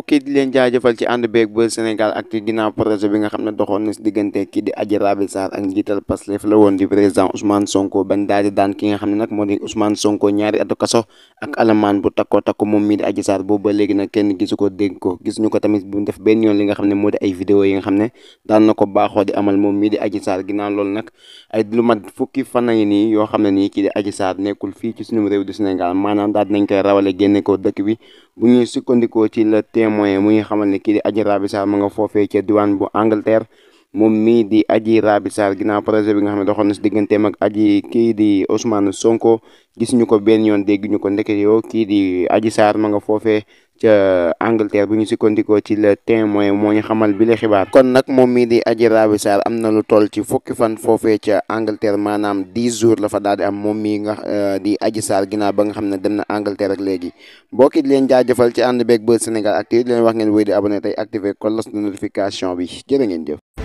mbokk yi di leen jaajëfal ci ànd beeg Buzz Sénégal ak ci ginnaaw bi nga xam ne doxoon na si diggante kii di Adji Raby Sarr ak njiital Pastef la woon di président Ousmane Sonko bañ daal di daan ki nga xam ne nag moo di Ousmane Sonko ñaari atu kaso ak alamaan bu moom mii di Adji Sarr boobu ba léegi nag kenn gisu ko dégg ko gis ñu ko tamit bu def benn yoon li nga xam ne moo di ay vidéo yi nga xam ne daan na ko baaxoo di amal moom mii di Adji Sarr ginnaaw loolu nag ay lu mat fukki fan yi nii yoo xam ne nii kii di Adji saar nekkul fii ci suñu réew di Sénégal maanaam daal dinañ koy rawale génne ko dëkk bi bu ñuy sukkandikoo ci le témoin mu ñu xamal ne kii di Adji Raby Sarr ma nga foofee ca diwaan bu Angleterre moom mii di aji Raby Sarr ginnaaw projet bi nga xam ne doxoon na si digganteem ak aji kii di Ousmane Sonko gis ñu ko benn yoon dégg ñu ko ndeket yoo kii di aji saar ma nga foofee ca Angleterre bu ñu sukkandikoo ci le témoin moo ñu xamal bi la xibaar kon nag moom mii di aji Raby Sarr am na lu toll ci fokki fan foofee ca Angleterre maanaam dix jours la fa daal di am moom mii nga euh, di Adji Sarr ginnaaw ba nga xam ne dem na Angleterre ak léegi bokkit leen jaajëfal ci ànd beeg Buzz Sénégal Actu leen wax ngeen wéy di abonné tey activé kon las de notification bi jërë ngeen jëf